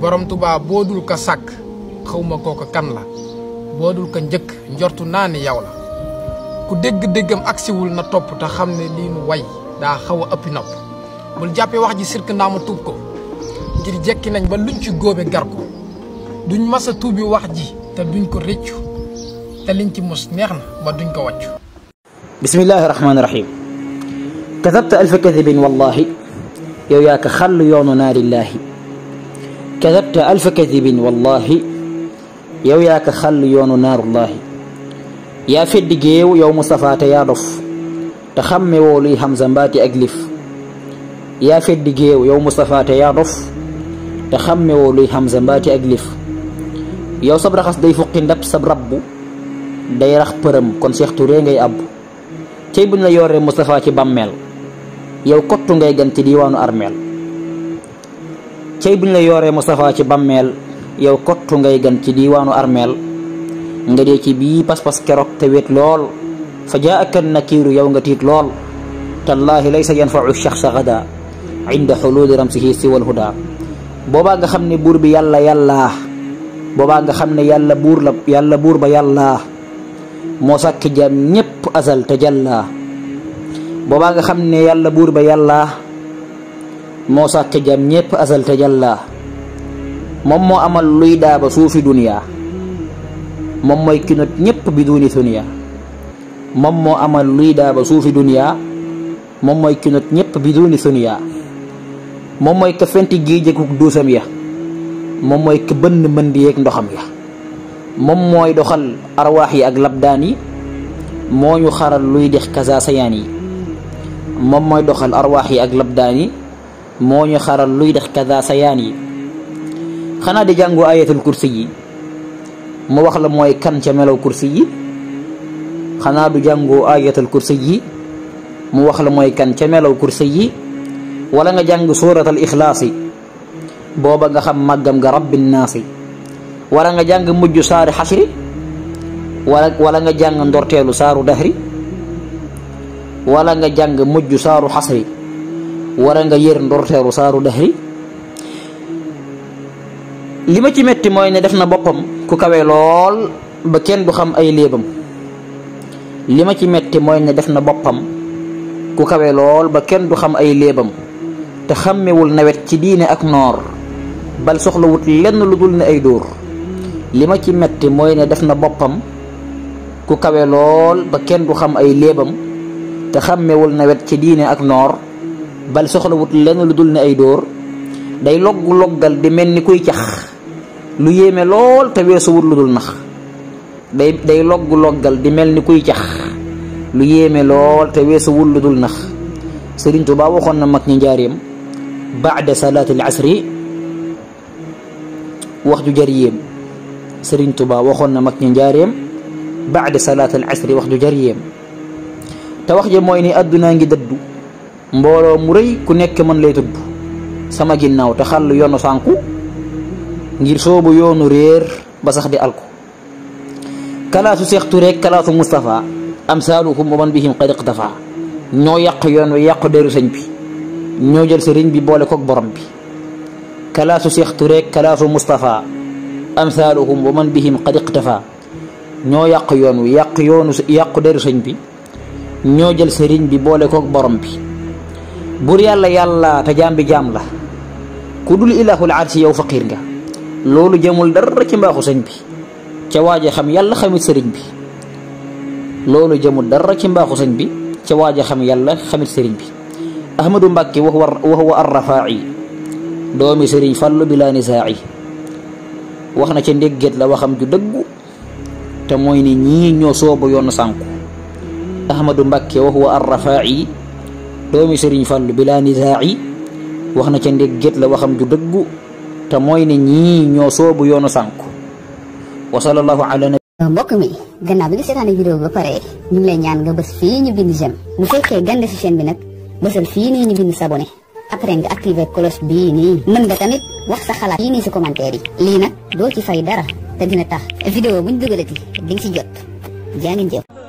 borom tubaab boo dul ko sàkk xawma kooka kan la boo dul ko njëkk njortu naa ne yow la ku dégg-déggam agsiwul na topp te xam ne lii nu way daa xaw a ëppi nopp bul jàppee wax ji sirk naa ma tuub ko ngir jekki nañ ba luñ ci góobe gar ko duñ mas a tuubi wax ji te duñ ko rëccu te liñ ci mos neex na ba duñ ko wàccu bismillahi rahmaani katabta alfa wallahi yow yaa ka xàll yoonu naarillaahi kadabta alfa kadibin wallaahi yow yaa ka xàll yoonu naarullaahi yaa feddi géew yow Mustafaa te yaa dof te xàmme woo luy hamza mbaati ak lif yaa yow Mustafaa te yaa te xàmme luy hamza mbaati ak lif yow sab raxas day fuqi ndab sab rabbu day rax përëm kon Seex Turé ngay àbbu cey buñ la yoree Mustafaa ci bàmmeel yow kottu ngay gan ci diiwaanu armeel cey buñ la yoré mustafa ci bammel yow kottu ngay gan ci diwanu armel, nga dé ci bi pas-pas kérok té wét lol fa jaaka nakiiru yow nga tit lol tallahi laysa yanfau ash-shakhs gada inda hulul ramsihi al huda boba nga xamné ne bi yalla yalla boba nga xamné yalla bur la yalla bur ba yalla mo sàkk jam ñepp azal te jàllaa boba nga xamné ne bur ba yalla moo sàkk jam ñépp asal te jàllaa moom moo amal luy daaba suufi duniyaa moom mooy ki not ñépp bi moom moo amal luy daaba suufi duniyaa moom mooy ki not bi duni suniyaa moom mooy ka fenti gii duusam ya moom mooy ka bënn mënd ndoxam ya moom mooy doxal arwaax yi ak labdaan yi moo ñu xaral luy dex kasa sayaan yi moom mooy doxal arwaax yi ak labdaan yi moo ñu xaral luy def kaza sayaan yi xanaa di jàngu ayatul kursi yi wax la mooy kan ca melaw kursi xanaa du jàngoo ayatul kursi yi mu wax la mooy kan ca melaw kursi yi wala nga jàng suuratal ixlaasi booba nga xam màggam nga rabbin naasi wala nga jàng mujj saari xasri wala wala nga jàng ndorteelu saaru dahri wala nga jàng mujj saaru xasri wara nga yér ndorteeru saaru dahri li ma ci métti mooy ne def na boppam ku kawe lool ba kenn du xam ay léebam li ma ci metti mooy ne def na boppam ku kawe lool ba kenn du xam ay léebam te xàmmewul nawet ci diine ak noor bal soxlawut lenn lu dul ne ay dóor li ma ci metti mooy ne def na boppam ku kawe lool ba kenn du xam ay léebam te xàmmewul nawet ci diine ak noor bal soxlawut lenn lu dul ne ay dóor day logg loggal di mel ni kuy cax lu yéeme lool te weesuwut lu nax day day logg loggal di mel ni kuy cax lu yéeme lool te weesuwut lu dul nax Sëriñ Tuubaa waxoon na mag ñi njaareem baada salaatil asri wax ju jar yéem Sëriñ Tuubaa waxoon na mag ñi njaareem baada salaatil asri wax ju jar yéem te wax ja mooy ni àddunaa ngi dëddu mbooloo mu rëy ku nekk man lay tudd sama ginnaaw te xàll yoonu sànku ngir soobu yoonu réer ba sax di alku kalaasu Seex Ture kalaasu Moustapha am saaluhum wa man bihim qad iqtafa ñoo yàq yoon wi yàq deru sëñ bi ñoo jël sëriñ bi boole kook borom bi kalaasu Seex Ture kalaasu Moustapha am saaluhum wa man bihim qad ñoo yàq yoon wi yàq yoonu yàq deru sëñ bi ñoo jël sëriñ bi boole kook borom bi buur yàlla yàlla te jaam bi jaam la ku dul ilahul arsi yow faqiir nga loolu jëmul dara ci mbaaxu bi ca waaje xam yàlla xamit sëriñ bi loolu jëmul dara ci mbaaxu bi ca waaje xam yàlla xamit sëriñ bi ahmadu mbàkke wax wa huwa arrafaa'i doomi sëriñ fàllu bi laa wax na ca ndéggeet la waxam ju dëggu te mooy ni ñii ñoo soobu yoon sànku ahmadu mbàkke wa huwa arrafaa'i doomi sëriñ fàll bilaa nizaa'i waxna ci ndeg get la waxam ju deggu ta moy ne ñi ño soobu yoonu sànku wa sallallahu ala nabi mbokk mi gannaaw bi nga seetaane vidéo ba pare ñu lay ñaan nga bëss fi ñu bind jëm bu fekkee gande ci chaîne bi nak bëssal fi ni ñu bind s'abonné après nga activer cloche bi ni mën nga tamit wax sa xalaat yi ni ci commentaire yi li nak do ci fay dara te dina tax video buñ dugalati di ci jot jaangi jëf